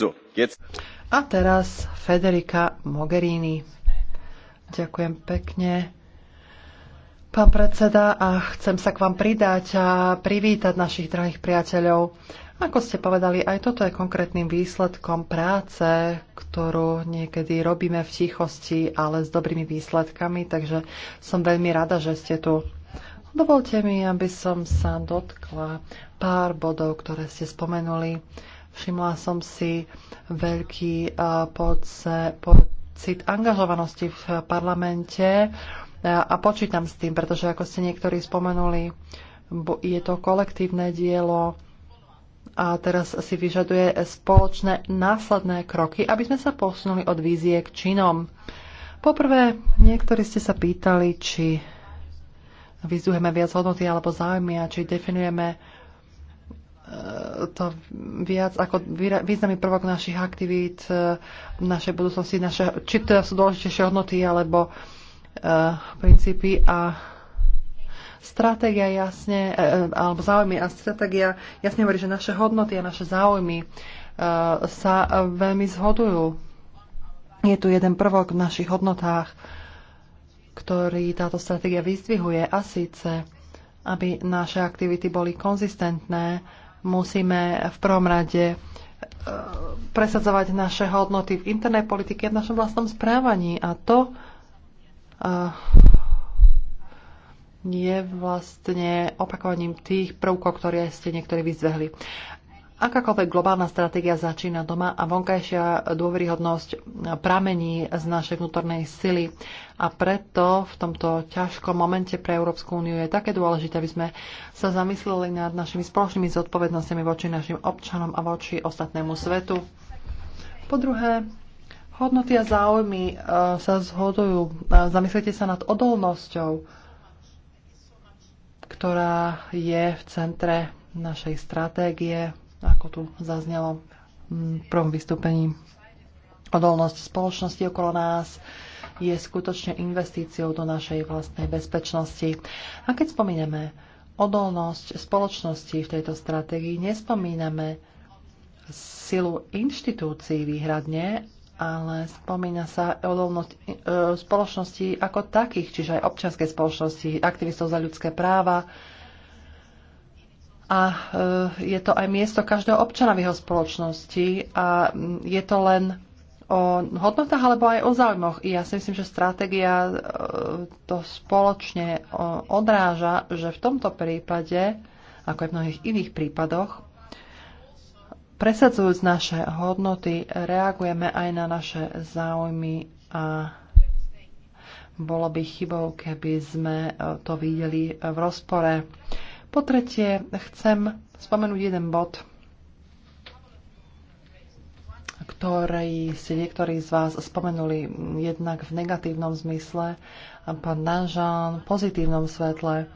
So, jetzt. A teraz Federica Mogherini. Ďakujem pekne. Pán predseda, a chcem sa k vám pridať a privítať našich drahých priateľov. Ako ste povedali, aj toto je konkrétnym výsledkom práce, ktorú niekedy robíme v tichosti, ale s dobrými výsledkami, takže som veľmi rada, že ste tu. Dovolte mi, aby som sa dotkla pár bodov, ktoré ste spomenuli. Všimla som si veľký pocit angažovanosti v parlamente a počítam s tým, pretože ako ste niektorí spomenuli, je to kolektívne dielo a teraz si vyžaduje spoločné následné kroky, aby sme sa posunuli od vízie k činom. Poprvé, niektorí ste sa pýtali, či vyzdujeme viac hodnoty alebo záujmy a či definujeme E, to viac ako významný prvok našich aktivít, e, našej budúcnosti, naše, či teda sú dôležitejšie hodnoty alebo uh, princípy a stratégia jasne, alebo záujmy a stratégia jasne hovorí, že naše hodnoty a naše záujmy uh, sa veľmi zhodujú. Je tu jeden prvok v našich hodnotách, ktorý táto stratégia vyzdvihuje a síce, aby naše aktivity boli konzistentné musíme v prvom rade e, presadzovať naše hodnoty v internej politike a v našom vlastnom správaní. A to e, je vlastne opakovaním tých prvkov, ktoré ste niektorí vyzvehli. Akákoľvek globálna stratégia začína doma a vonkajšia dôveryhodnosť pramení z našej vnútornej sily. A preto v tomto ťažkom momente pre Európsku úniu je také dôležité, aby sme sa zamysleli nad našimi spoločnými zodpovednosťami voči našim občanom a voči ostatnému svetu. Po druhé, hodnoty a záujmy e, sa zhodujú. E, zamyslite sa nad odolnosťou, ktorá je v centre našej stratégie ako tu zaznelo v prvom vystúpení. Odolnosť spoločnosti okolo nás je skutočne investíciou do našej vlastnej bezpečnosti. A keď spomíname odolnosť spoločnosti v tejto stratégii, nespomíname silu inštitúcií výhradne, ale spomína sa odolnosť e, spoločnosti ako takých, čiže aj občianskej spoločnosti, aktivistov za ľudské práva, a e, je to aj miesto každého občana v jeho spoločnosti a je to len o hodnotách alebo aj o záujmoch. I ja si myslím, že stratégia e, to spoločne e, odráža, že v tomto prípade, ako aj v mnohých iných prípadoch, presadzujúc naše hodnoty, reagujeme aj na naše záujmy a bolo by chybou, keby sme to videli v rozpore. Po tretie, chcem spomenúť jeden bod, ktorý ste niektorí z vás spomenuli jednak v negatívnom zmysle, a pán Nanžan v pozitívnom svetle.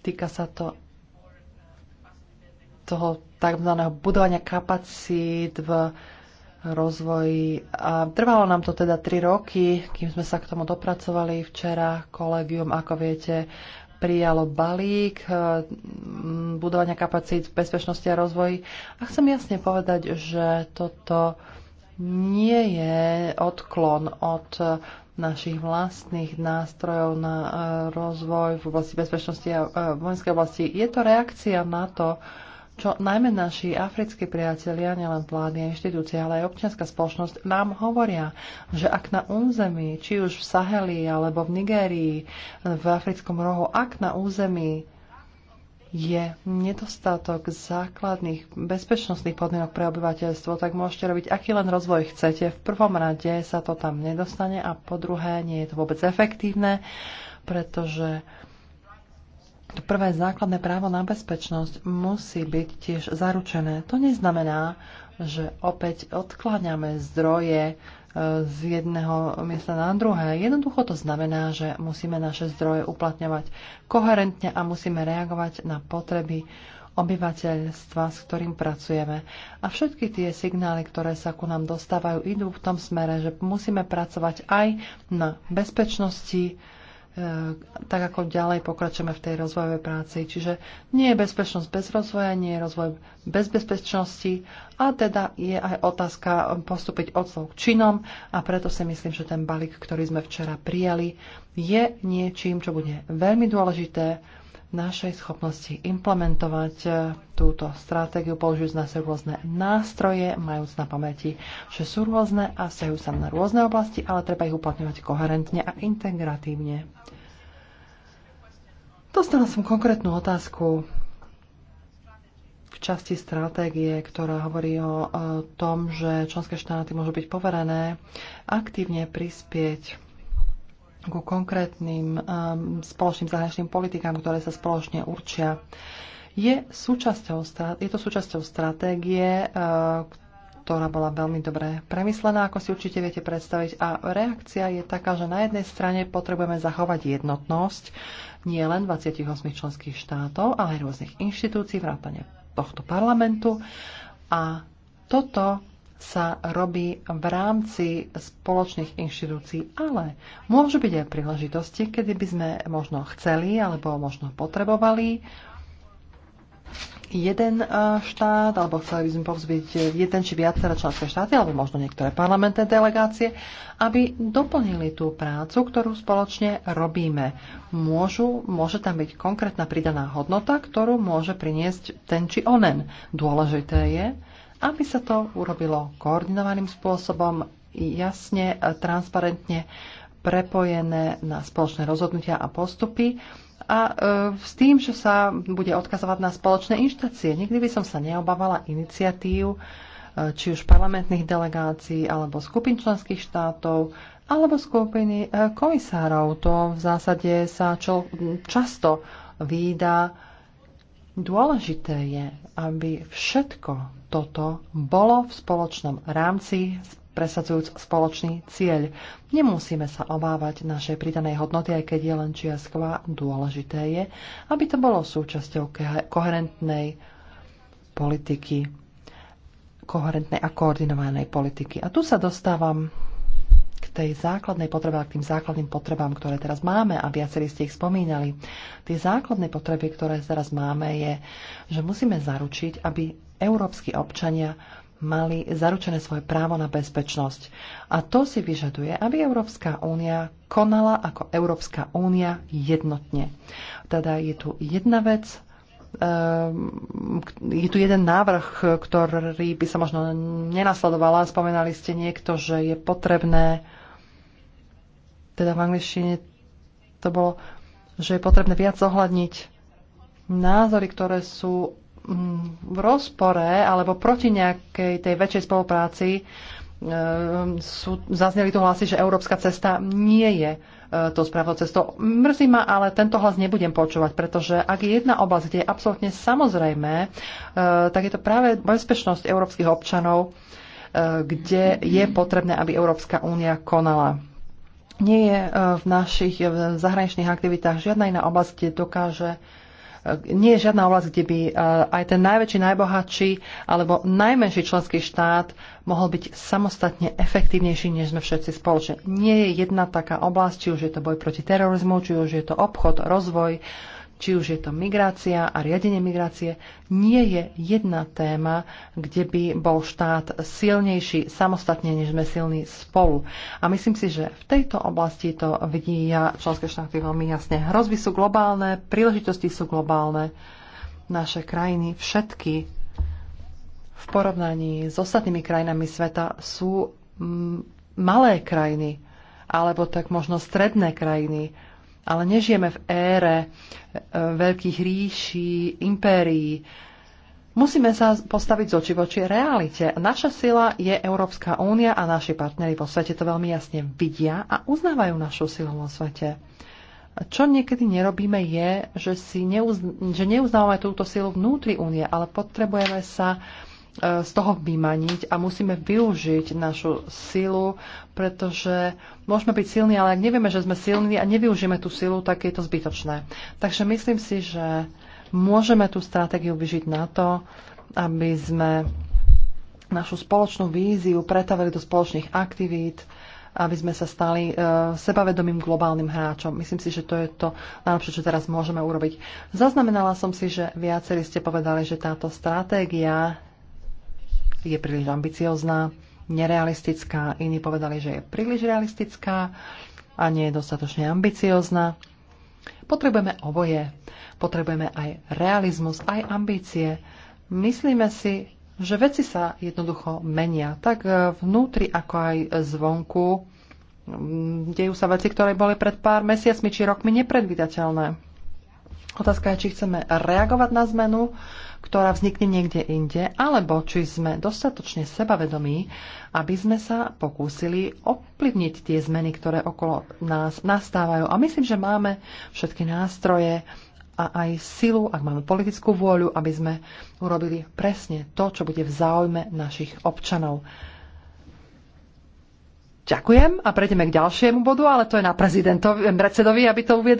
Týka sa to toho tzv. budovania kapacít v rozvoji. A trvalo nám to teda tri roky, kým sme sa k tomu dopracovali. Včera kolegium, ako viete, prijalo balík eh, budovania kapacít v bezpečnosti a rozvoji. A chcem jasne povedať, že toto nie je odklon od eh, našich vlastných nástrojov na eh, rozvoj v oblasti bezpečnosti a vojenskej oblasti. Je to reakcia na to, čo najmä naši africkí priatelia, nielen vlády a inštitúcie, ale aj občianská spoločnosť nám hovoria, že ak na území, či už v Saheli alebo v Nigérii, v africkom rohu, ak na území je nedostatok základných bezpečnostných podmienok pre obyvateľstvo, tak môžete robiť aký len rozvoj chcete. V prvom rade sa to tam nedostane a po druhé nie je to vôbec efektívne, pretože to prvé základné právo na bezpečnosť musí byť tiež zaručené. To neznamená, že opäť odkláňame zdroje e, z jedného miesta na druhé. Jednoducho to znamená, že musíme naše zdroje uplatňovať koherentne a musíme reagovať na potreby obyvateľstva, s ktorým pracujeme. A všetky tie signály, ktoré sa ku nám dostávajú, idú v tom smere, že musíme pracovať aj na bezpečnosti E, tak ako ďalej pokračujeme v tej rozvojovej práci. Čiže nie je bezpečnosť bez rozvoja, nie je rozvoj bez bezpečnosti a teda je aj otázka postúpiť od slov k činom a preto si myslím, že ten balík, ktorý sme včera prijali, je niečím, čo bude veľmi dôležité našej schopnosti implementovať e, túto stratégiu, použijúc na sa rôzne nástroje, majúc na pamäti, že sú rôzne a vzťahujú sa na rôzne oblasti, ale treba ich uplatňovať koherentne a integratívne. Dostala som konkrétnu otázku v časti stratégie, ktorá hovorí o e, tom, že členské štáty môžu byť poverené aktívne prispieť ku konkrétnym um, spoločným zahraničným politikám, ktoré sa spoločne určia. Je, súčasťou, je to súčasťou stratégie, uh, ktorá bola veľmi dobre premyslená, ako si určite viete predstaviť. A reakcia je taká, že na jednej strane potrebujeme zachovať jednotnosť nie len 28 členských štátov, ale aj rôznych inštitúcií, vrátane tohto parlamentu. A toto sa robí v rámci spoločných inštitúcií, ale môžu byť aj príležitosti, kedy by sme možno chceli alebo možno potrebovali jeden eh, štát, alebo chceli by sme povzbiť jeden či viaceré členské štáty, alebo možno niektoré parlamentné delegácie, aby doplnili tú prácu, ktorú spoločne robíme. Môžu, môže tam byť konkrétna pridaná hodnota, ktorú môže priniesť ten či onen. Dôležité je, aby sa to urobilo koordinovaným spôsobom, jasne, transparentne prepojené na spoločné rozhodnutia a postupy a e, s tým, že sa bude odkazovať na spoločné inštácie. Nikdy by som sa neobávala iniciatív, e, či už parlamentných delegácií, alebo skupín členských štátov, alebo skupiny e, komisárov. To v zásade sa čo, často výda Dôležité je, aby všetko toto bolo v spoločnom rámci, presadzujúc spoločný cieľ. Nemusíme sa obávať našej pridanej hodnoty, aj keď je len čiasková. Dôležité je, aby to bolo súčasťou koherentnej politiky, koherentnej a koordinovanej politiky. A tu sa dostávam tej základnej potrebe a k tým základným potrebám, ktoré teraz máme a viacerí ste ich spomínali. Tie základné potreby, ktoré teraz máme, je, že musíme zaručiť, aby európsky občania mali zaručené svoje právo na bezpečnosť. A to si vyžaduje, aby Európska únia konala ako Európska únia jednotne. Teda je tu jedna vec, ehm, je tu jeden návrh, ktorý by sa možno nenasledovala. Spomenali ste niekto, že je potrebné teda v angličtine to bolo, že je potrebné viac zohľadniť názory, ktoré sú mm, v rozpore alebo proti nejakej tej väčšej spolupráci, e, sú, zazneli tu hlasy, že európska cesta nie je e, to správnou cestou. Mrzí ma, ale tento hlas nebudem počúvať, pretože ak je jedna oblasť, kde je absolútne samozrejme, tak je to práve bezpečnosť európskych občanov, e, kde je potrebné, aby Európska únia konala nie je e, v našich e, zahraničných aktivitách žiadna iná oblasť, kde dokáže e, nie je žiadna oblasť, kde by aj ten najväčší, najbohatší alebo najmenší členský štát mohol byť samostatne efektívnejší, než sme všetci spoločne. Nie je jedna taká oblasť, či už je to boj proti terorizmu, či už je to obchod, rozvoj, či už je to migrácia a riadenie migrácie, nie je jedna téma, kde by bol štát silnejší samostatne, než sme silní spolu. A myslím si, že v tejto oblasti to vidí ja, členské štáty veľmi jasne. Hrozby sú globálne, príležitosti sú globálne. Naše krajiny všetky v porovnaní s ostatnými krajinami sveta sú mm, malé krajiny, alebo tak možno stredné krajiny ale nežijeme v ére e, veľkých ríší, impérií. Musíme sa postaviť z oči voči realite. Naša sila je Európska únia a naši partnery vo svete to veľmi jasne vidia a uznávajú našu silu vo svete. Čo niekedy nerobíme je, že, si neuz- že neuznávame túto silu vnútri únie, ale potrebujeme sa uh, E, z toho vymaniť a musíme využiť našu silu, pretože môžeme byť silní, ale ak nevieme, že sme silní a nevyužijeme tú silu, tak je to zbytočné. Takže myslím si, že môžeme tú stratégiu vyžiť na to, aby sme našu spoločnú víziu pretavili do spoločných aktivít, aby sme sa stali e, sebavedomým globálnym hráčom. Myslím si, že to je to najlepšie, čo teraz môžeme urobiť. Zaznamenala som si, že viacerí ste povedali, že táto stratégia je príliš ambiciozná, nerealistická. Iní povedali, že je príliš realistická a nie je dostatočne ambiciozná. Potrebujeme oboje. Potrebujeme aj realizmus, aj ambície. Myslíme si, že veci sa jednoducho menia. Tak vnútri, ako aj zvonku. Dejú sa veci, ktoré boli pred pár mesiacmi či rokmi nepredvydateľné. Otázka je, či chceme reagovať na zmenu, ktorá vznikne niekde inde, alebo či sme dostatočne sebavedomí, aby sme sa pokúsili ovplyvniť tie zmeny, ktoré okolo nás nastávajú. A myslím, že máme všetky nástroje a aj silu, ak máme politickú vôľu, aby sme urobili presne to, čo bude v záujme našich občanov. Ďakujem a prejdeme k ďalšiemu bodu, ale to je na prezidentovi, predsedovi, aby to uviedol.